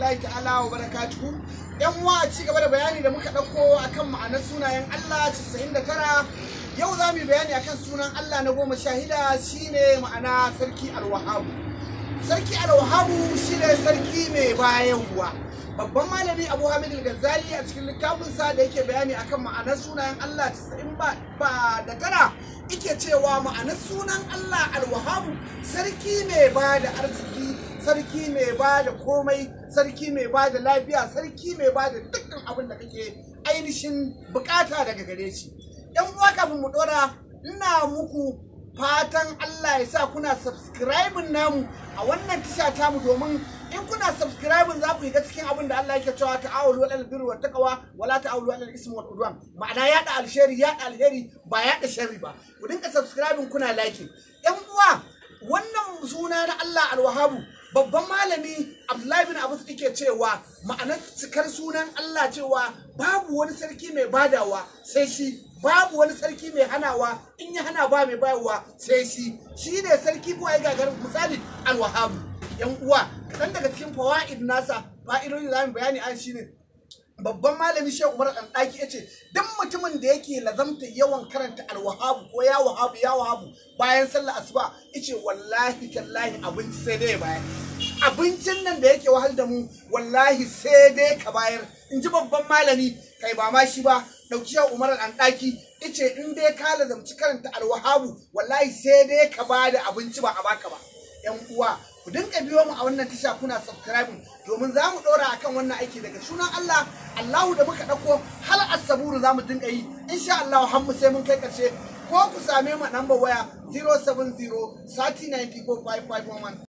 rahmatullahi ta'ala wa barakatuhu yan uwa ci gaba da bayani da muka ɗauko akan ma'anar sunayen Allah 99 yau za mu bayani akan sunan Allah na goma shahida shine ma'ana sarki alwahabu sarki alwahabu shine sarki mai ruwa. babban malami abu hamid al-ghazali a cikin littafinsa da yake bayani akan ma'anar sunayen Allah 99 ba da tara ike cewa ma'anar sunan Allah alwahabu sarki mai ba da arziki sarki mai ba da komai sarki mai ba da lafiya sarki mai ba da dukkan abin da kake ainihin bukata daga gare shi yan uwa kafin mu dora ina muku fatan Allah ya sa kuna subscribe namu a wannan tasha tamu domin in kuna subscribe za ku yi ga cikin abin da Allah yake cewa ta'awul wal albir wa taqwa wala ta'awul wal ismi wal udwan ma'ana yaɗa alheri da alheri ba yaɗa sharri ba ku dinka subscribe kuna like yan uwa wannan suna na Allah alwahabu babban malami Abdullahi bin Abbas ke cewa ma'anar cikar sunan Allah cewa babu wani sarki mai badawa sai shi babu wani sarki mai hanawa in ya hana ba mai bayarwa sai shi shi ne sarki buwa ya gagarin misali alwahabu yan uwa kan daga cikin fawaid nasa fa'idodin za mu bayani an shine babban malami shehu umar dan daki yace duk mutumin da yake lazamta yawan karanta alwahabu ko ya wahabu ya wahabu bayan sallar asuba yace wallahi tallahi abinci sai dai bayan abincin nan da yake wahal da mu wallahi sai dai ka bayar in ji babban malami kai ba ma shi ba ɗauki yau umar an daki ice in dai ka lazamci karanta alwahabu wallahi sai dai ka ba da abinci ba a baka ba yan uwa ku dinga biyo mu a wannan tasha kuna subscribe domin za mu dora akan wannan aiki daga sunan Allah Allahu da muka dauko hal asaburu za mu dinga yi insha Allah har mu sai mun kai karshe ko ku same mu number waya 070 3090